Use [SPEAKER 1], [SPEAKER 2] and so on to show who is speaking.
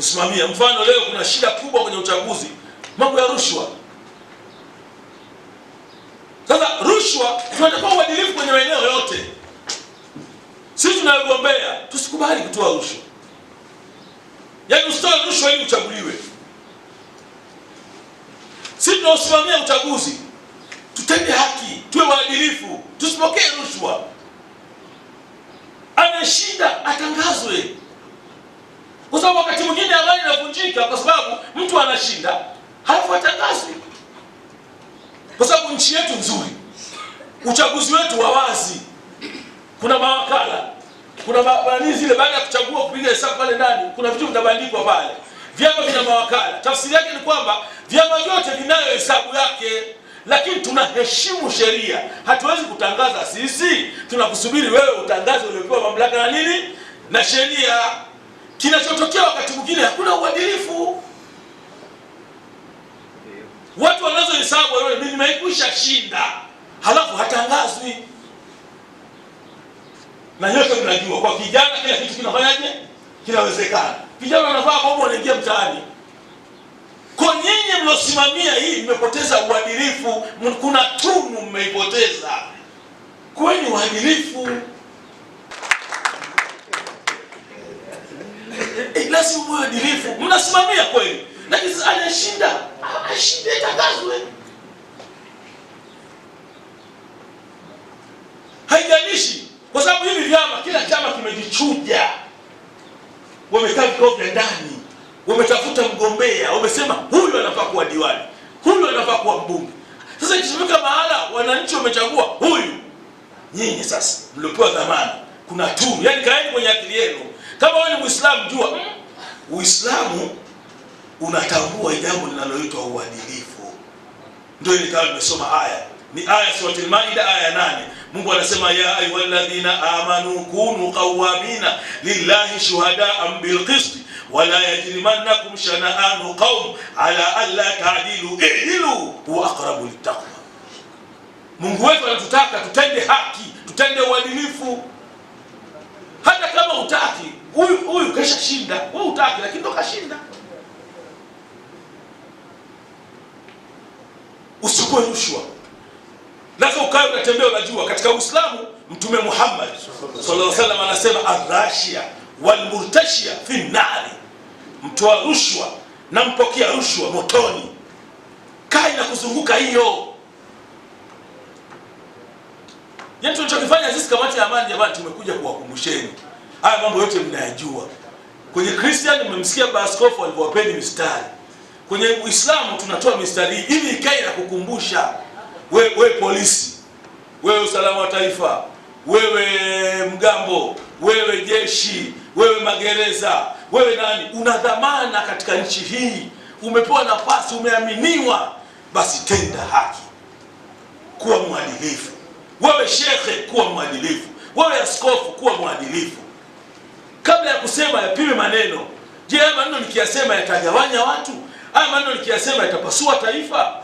[SPEAKER 1] kusimamia. Mfano, leo kuna shida kubwa kwenye uchaguzi, mambo ya rushwa. Sasa rushwa, tunataka uadilifu kwenye maeneo yote. Sisi tunayogombea tusikubali kutoa rushwa, yaani usitoe rushwa ili uchaguliwe. Sisi tunaosimamia uchaguzi tutende haki, tuwe waadilifu, tusipokee rushwa. ana shida atangazwe kwa sababu wakati mwingine amani inavunjika kwa sababu mtu anashinda halafu atangazwi. Kwa sababu nchi yetu nzuri, uchaguzi wetu wa wazi, kuna mawakala, kuna mabani zile, baada ya kuchagua kupiga hesabu pale ndani, kuna vitu vinabandikwa pale, vyama vina mawakala. Tafsiri yake ni kwamba vyama vyote vinayo hesabu yake lakini tunaheshimu sheria, hatuwezi kutangaza sisi, tunakusubiri wewe utangaze uliopewa mamlaka na nini na sheria. Kinachotokea wakati mwingine hakuna uadilifu, watu wanazo hesabu yule, mimi shinda, halafu hatangazwi. Na nyote mnajua kwa kijana kila kitu kinafanyaje, kinawezekana. Vijana wanavaa bomu, wanaingia mtaani. Kwa nyinyi mlosimamia hii, mmepoteza uadilifu, kuna tunu mmeipoteza. Kuweni uadilifu. lazima muwe adilifu, mnasimamia kweli, lakini anashinda ashinde, tangazwe. Haijalishi, kwa sababu hivi vyama, kila chama kimejichuja, wamekaa vikao vya ndani, wametafuta mgombea, wamesema huyu anafaa kuwa diwani, huyu anafaa kuwa mbunge. Sasa ikifika mahala wananchi wamechagua huyu, nyinyi sasa mliopewa dhamana, kuna tu yani, kaeni kwenye akili yenu. Kama wewe ni Muislamu jua Uislamu unatambua jambo linaloitwa uadilifu, ndio ile kama nimesoma aya ni aya suratul Maida aya nane. Mungu anasema ya ayyuhalladhina amanu kunu qawamina lillahi shuhadaa bilqist qist wala yajrimannakum shana'anu qawm ala alla ta'dilu ihdilu huwa aqrabu littaqwa. Mungu wetu anatutaka tutende haki, tutende uadilifu hata kama uta huyu huyu kesha shinda, wewe utaki, lakini ndo kashinda. Usikue rushwa nazo ukawe unatembea unajua. Katika Uislamu Mtume Muhammad sallallahu alaihi wasallam anasema arrashia walmurtashia fi nari, mtoa rushwa na mpokea rushwa motoni. Kai na kuzunguka hiyo yetu yaani tunachokifanya sisi kamati ya amani, jamani, tumekuja kuwakumbusheni Haya mambo yote mnayajua. Kwenye Christian mmemsikia baskofu alivyowapeni mistari. Kwenye Uislamu tunatoa mistari hii ili ikae na kukumbusha wewe, we polisi, wewe usalama wa taifa, wewe mgambo, wewe jeshi, wewe magereza, wewe nani, una dhamana katika nchi hii. Umepewa nafasi, umeaminiwa, basi tenda haki, kuwa mwadilifu. Wewe shekhe, kuwa mwadilifu. Wewe askofu, kuwa mwadilifu ya kusema yapime maneno. Je, haya maneno nikiyasema yatagawanya watu? Haya maneno nikiyasema yatapasua taifa?